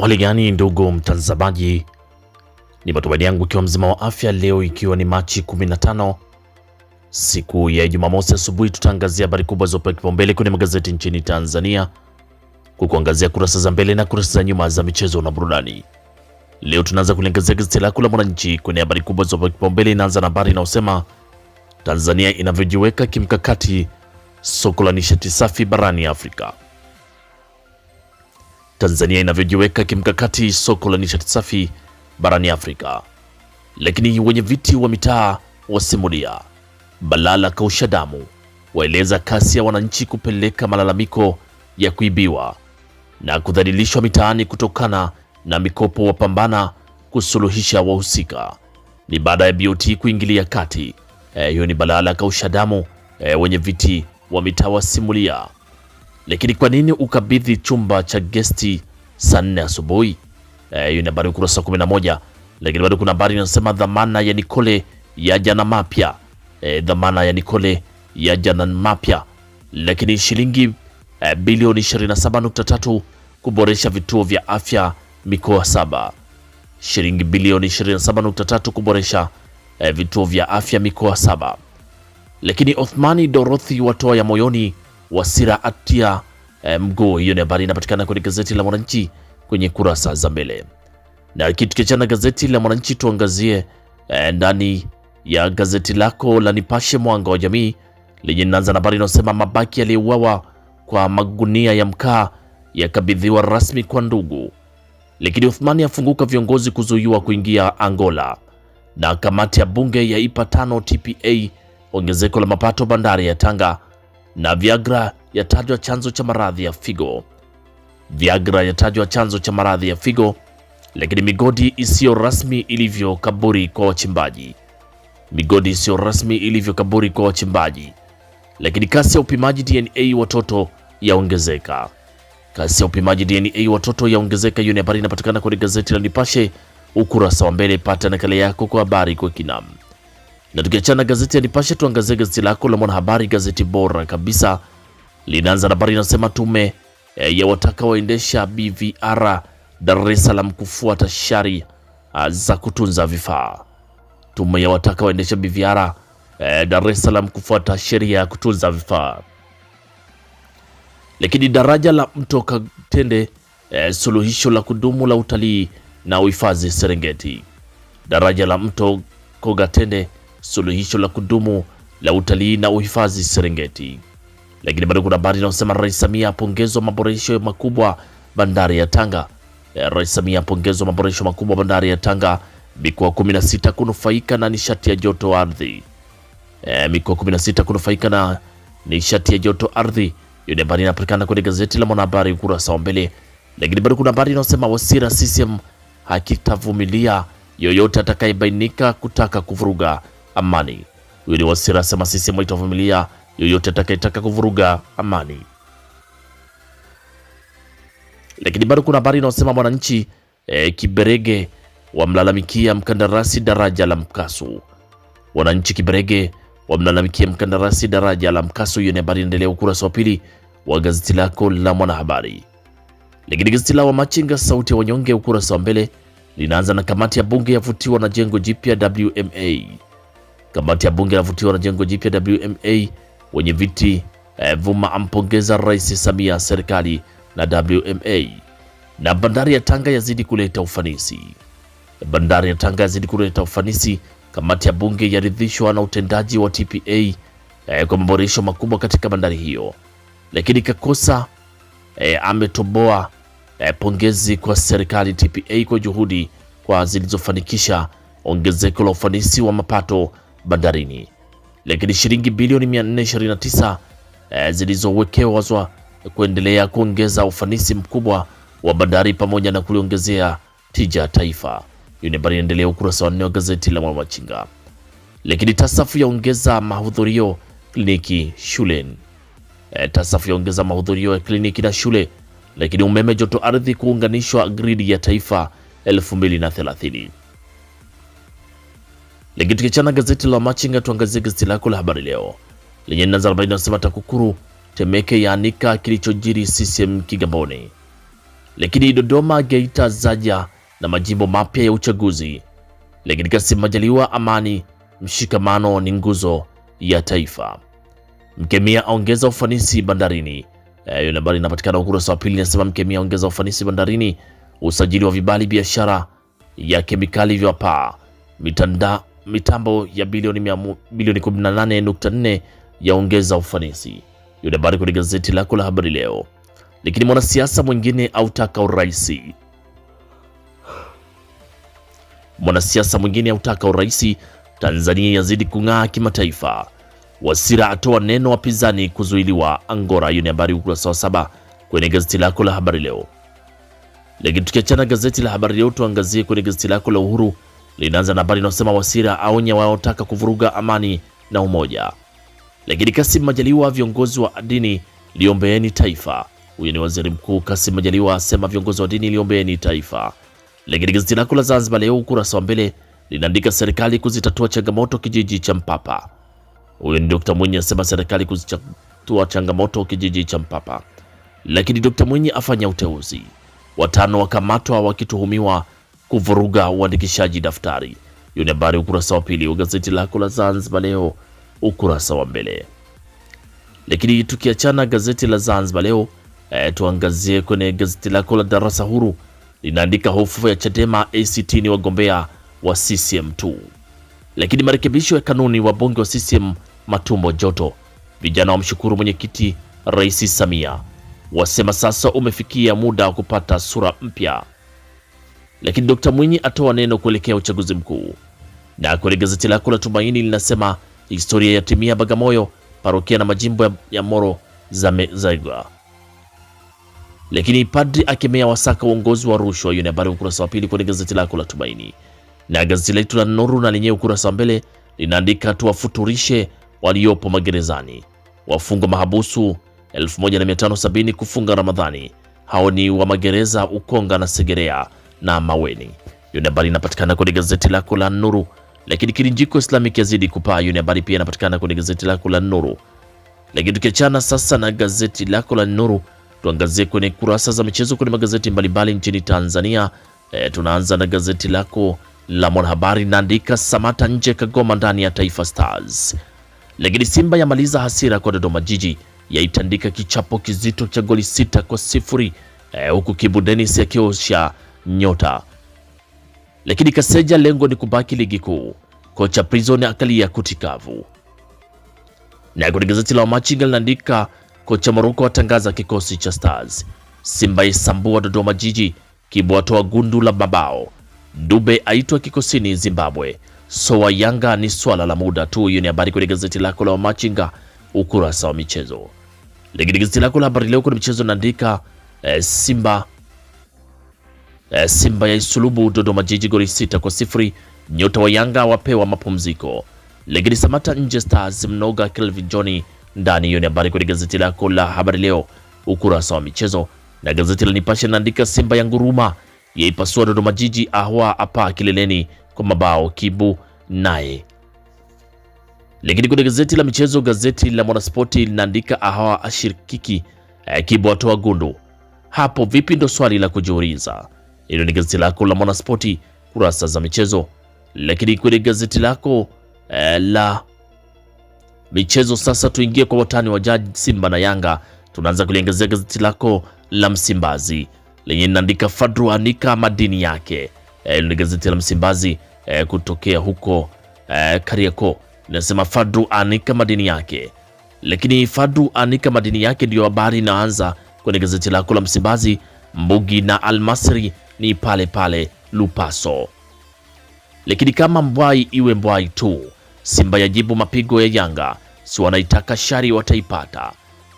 Hali gani ndugu mtazamaji, ni matumaini yangu ikiwa mzima wa afya. Leo ikiwa ni Machi 15 siku ya Jumamosi asubuhi, tutaangazia habari kubwa zopewa kipaumbele kwenye magazeti nchini Tanzania, kukuangazia kurasa za mbele na kurasa za nyuma za michezo na burudani. Leo tunaanza kuliangazia gazeti lako la Mwananchi kwenye habari kubwa zopewa kipaumbele. Inaanza na habari inayosema Tanzania inavyojiweka kimkakati soko la nishati safi barani Afrika. Tanzania inavyojiweka kimkakati soko la nishati safi barani Afrika. Lakini wenye viti wa mitaa wasimulia, balala kausha damu, waeleza kasi ya wananchi kupeleka malalamiko ya kuibiwa na kudhalilishwa mitaani kutokana na mikopo, wapambana kusuluhisha wahusika. Ni baada ya BOT kuingilia kati. Eh, hiyo e, ni balala kausha damu. E, viti wa mitaa wasimulia lakini kwa nini ukabidhi chumba cha gesti saa nne asubuhi? Eh, hiyo e, ni habari ukurasa 11. Lakini bado kuna habari inasema dhamana ya Nicole ya jana mapya. E, dhamana ya Nicole ya jana mapya. Lakini shilingi e, bilioni 27.3 kuboresha vituo vya afya mikoa saba. Shilingi bilioni 27.3 kuboresha e, vituo vya afya mikoa saba. Lakini Othmani Dorothy watoa ya moyoni Wasira atia e, mguu. Hiyo ni habari inapatikana kwenye gazeti la Mwananchi kwenye kurasa za mbele, na na gazeti la Mwananchi tuangazie e, ndani ya gazeti lako la Nipashe mwanga wa jamii lenye nanza habari inayosema mabaki yaliyouawa kwa magunia ya mkaa yakabidhiwa rasmi kwa ndugu, lakini Uthmani afunguka viongozi kuzuiwa kuingia Angola, na kamati ya bunge yaipa tano TPA ongezeko la mapato bandari ya Tanga na Viagra yatajwa chanzo cha maradhi ya figo. Viagra yatajwa chanzo cha maradhi ya figo, lakini migodi isiyo rasmi ilivyo kaburi kwa wachimbaji. Migodi isiyo rasmi ilivyo kaburi kwa wachimbaji. Lakini kasi ya upimaji DNA watoto yaongezeka. Kasi ya upimaji DNA watoto yaongezeka. Hiyo ni habari inapatikana kwenye gazeti la Nipashe ukurasa wa mbele. Pata nakala yako kwa habari kwa kinamu. Na tukiachana gazeti ya Nipashe, tuangazie gazeti lako la Mwanahabari, gazeti bora kabisa. Linaanza habari inasema tume e, ya wataka waendesha BVR Dar es Salaam kufuata shari ah, za kutunza vifaa. Tume ya wataka waendesha BVR e, eh, Dar es Salaam kufuata sheria ya kutunza vifaa. Lakini daraja la mto Katende e, suluhisho la kudumu la utalii na uhifadhi Serengeti. Daraja la mto Kogatende suluhisho la kudumu la utalii na uhifadhi Serengeti. Lakini bado kuna habari inayosema Rais Samia apongezwa maboresho makubwa bandari ya Tanga. Eh, Rais Samia apongezwa maboresho makubwa bandari ya Tanga, mikoa 16 kunufaika na nishati ya joto ardhi. E, mikoa 16 kunufaika na nishati ya joto ardhi. Hiyo ni habari inapatikana kwenye gazeti la Mwanahabari ukurasa wa mbele. Lakini bado kuna habari inayosema Wasira CCM hakitavumilia yoyote atakayebainika kutaka kuvuruga amani. Wili Wasira asema CCM haitavumilia yoyote atakayetaka kuvuruga amani. Lakini bado kuna habari inayosema mwananchi e, Kiberege wamlalamikia mkandarasi daraja la Mkasu. Wananchi Kiberege wamlalamikia mkandarasi daraja la Mkasu. Hiyo ni habari inaendelea ukurasa wa pili wa gazeti lako la Mwanahabari. Lakini gazeti la Wamachinga sauti ya wanyonge ukurasa wa mbele linaanza na kamati ya bunge yavutiwa na jengo jipya WMA. Kamati ya bunge inavutiwa na jengo jipya WMA. Wenye viti eh, Vuma ampongeza Rais Samia, serikali na WMA. Na bandari ya Tanga yazidi kuleta ufanisi. Bandari ya Tanga yazidi kuleta ufanisi. Kamati ya bunge yaridhishwa na utendaji wa TPA eh, kwa maboresho makubwa katika bandari hiyo, lakini Kakosa eh, ametoboa eh, pongezi kwa serikali TPA kwa juhudi kwa zilizofanikisha ongezeko la ufanisi wa mapato bandarini, lakini shilingi bilioni 429 eh, zilizowekezwa kuendelea kuongeza ufanisi mkubwa wa bandari pamoja na kuliongezea tija taifa. Hiyo ni habari inaendelea ukurasa wa nne wa gazeti la Mwanamachinga. Lakini tasafu yaongeza mahudhurio kliniki shuleni. E, tasafu yaongeza mahudhurio ya kliniki na shule. Lakini umeme joto ardhi kuunganishwa gridi ya taifa 2030. Likitukicana gazeti la Machinga, tuangazie gazeti lako la habari leo lenye namba 40 nasema TAKUKURU Temeke yaanika kilichojiri CCM Kigamboni, lakini Dodoma Geita zaja na majimbo mapya ya uchaguzi, lakini Kassim Majaliwa, amani mshikamano ni nguzo ya taifa, Mkemia aongeza ufanisi bandarini. Eh, hiyo habari inapatikana ukurasa wa pili, Nasema Mkemia aongeza ufanisi bandarini, usajili wa vibali biashara ya kemikali vya paa mitandao mitambo ya bilioni 18.4 yaongeza ufanisi. Hiyo ni habari kwenye gazeti lako la habari leo. Lakini mwanasiasa mwingine autaka urais, mwanasiasa mwingine autaka uraisi. Tanzania yazidi kung'aa kimataifa. Wasira atoa neno wapinzani kuzuiliwa Angora. Hiyo ni habari ukurasa wa saba kwenye gazeti lako la habari leo. Lakini tukiachana gazeti la habari leo, tuangazie kwenye gazeti lako la Uhuru linaanza na habari inayosema Wasira aonya wanaotaka kuvuruga amani na umoja. Lakini Kasim Majaliwa, viongozi wa dini liombeeni taifa. Huyu ni waziri mkuu Kasim Majaliwa asema viongozi wa dini liombeeni taifa. Lakini gazeti lako la Zanzibar Leo ukurasa wa mbele linaandika serikali kuzitatua changamoto kijiji cha Mpapa. Huyu ni Dr. Mwinyi asema serikali kuzitatua changamoto kijiji cha Mpapa. Lakini Dr. Mwinyi afanya uteuzi watano wakamatwa wakituhumiwa kuvuruga uandikishaji daftari. Hiyo ni habari ukurasa wa pili wa gazeti lako la Zanzibar Leo ukurasa wa mbele. Lakini tukiachana gazeti la Zanzibar Leo eh, tuangazie kwenye gazeti lako la Darasa Huru linaandika hofu ya Chadema ACT ni wagombea wa CCM tu. Lakini marekebisho ya kanuni wabunge wa CCM matumbo joto. Vijana wamshukuru mwenyekiti Rais Samia, wasema sasa umefikia muda wa kupata sura mpya lakini Dkt Mwinyi atoa neno kuelekea uchaguzi mkuu. Na kwenye gazeti lako la Tumaini linasema historia ya timia Bagamoyo, parokia na majimbo ya, ya Moro zamezagwa. Lakini padri akemea wasaka uongozi wa rushwa. Hiyo ni habari ukurasa wa pili kwenye gazeti lako la Tumaini. Na gazeti letu la Nuru na lenyewe ukurasa wa mbele linaandika tuwafuturishe waliopo magerezani, wafungwa mahabusu 1570 kufunga Ramadhani. Hao ni wa magereza Ukonga na Segerea na Maweni. Hiyo ni habari inapatikana kwenye gazeti lako la Nuru, lakini Kirinjiko Islamic yazidi kupaa. Hiyo ni habari pia inapatikana kwenye gazeti lako la Nuru. Lakini tukiachana sasa na gazeti lako la Nuru, tuangazie kwenye kurasa za michezo kwenye magazeti mbalimbali nchini Tanzania. E, tunaanza na gazeti lako la Mwanahabari naandika Samata nje Kagoma ndani ya Taifa Stars. Lakini Simba yamaliza hasira kwa Dodoma Jiji, yaitandika kichapo kizito cha goli sita kwa sifuri, e, huku Kibu Dennis akiosha nyota. Lakini Kaseja lengo ni kubaki ligi kuu. Kocha Prison akalia kuti kavu. Na kwenye gazeti la Wamachinga linaandika kocha Moroko atangaza kikosi cha Stars. Simba isambua Dodoma Jiji, Kibu atoa gundu la mabao. Dube aitwa kikosini Zimbabwe. Soa Yanga ni swala la muda tu. Hiyo ni habari kwenye gazeti lako la Wamachinga ukurasa wa michezo. Lakini gazeti lako la Habari Leo kwenye michezo naandika e, eh, Simba Eh, Simba ya isulubu Dodoma Jiji goli sita kwa sifuri. Nyota wa Yanga wapewa mapumziko. Legedi Samata nje Stars mnoga Kelvin John ndani. Hiyo ni habari kwenye gazeti lako la habari leo ukurasa wa michezo, na gazeti la Nipashe linaandika Simba ya nguruma yaipasua Dodoma Jiji, ahwa apa kileleni kwa mabao kibu naye. Lakini kwenye gazeti la michezo, gazeti la Mwanaspoti linaandika ahwa ashirikiki eh, kibu atoa gundu. Hapo vipi, ndo swali la kujiuliza. Hilo ni gazeti lako la Mwanaspoti kurasa za michezo, lakini kwenye gazeti lako eh, la michezo sasa tuingie kwa watani wa jaji Simba na Yanga. Tunaanza kuliangazia gazeti lako la Msimbazi lenye linaandika Fadru anika madini yake. Eh, hilo e, ni gazeti la Msimbazi e, kutokea huko e, Kariakoo linasema Fadru anika madini yake, lakini Fadru anika madini yake ndiyo habari inaanza kwenye gazeti lako la Msimbazi. Mbugi na Almasri ni pale pale Lupaso. Lakini kama mbwai iwe mbwai tu, Simba yajibu mapigo ya Yanga, si wanaitaka shari wataipata.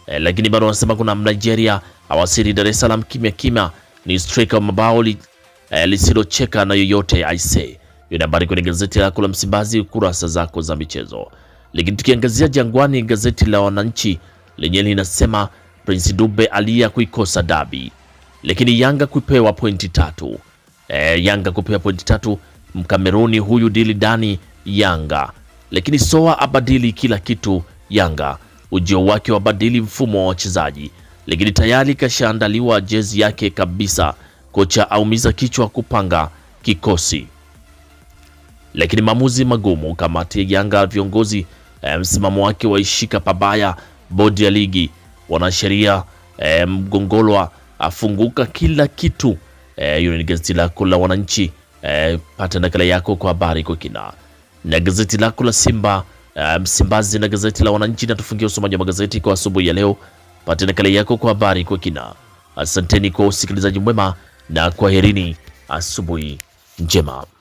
E, lakini bado wanasema kuna Mnigeria awasiri Dar es Salaam kimya kimya, ni striker mabao li, e, lisilocheka na yoyote aise. Hiyo habari kwenye gazeti lako la Msimbazi, kurasa zako za michezo. Lakini tukiangazia Jangwani, gazeti la Wananchi lenyewe linasema Prince Dube alia kuikosa dabi lakini Yanga kupewa pointi tatu. E, Yanga kupewa pointi tatu. Mkameruni huyu dili dani Yanga, lakini Soa abadili kila kitu Yanga. Ujio wake wabadili mfumo wa wachezaji, lakini tayari kashaandaliwa jezi yake kabisa. Kocha aumiza kichwa kupanga kikosi, lakini maamuzi magumu. Kamati ya Yanga viongozi e, msimamo wake waishika pabaya bodi ya ligi, wanasheria e, Mgongolwa afunguka kila kitu. Eh, hiyo e, ni gazeti lako la Wananchi. E, pata nakala yako kwa habari kwa kina na gazeti lako la Simba eh, Msimbazi um, na gazeti la Wananchi natufungia usomaji wa magazeti kwa asubuhi ya leo. Pata nakala yako kwa habari kwa kina. Asanteni kwa usikilizaji mwema na kwaherini, asubuhi njema.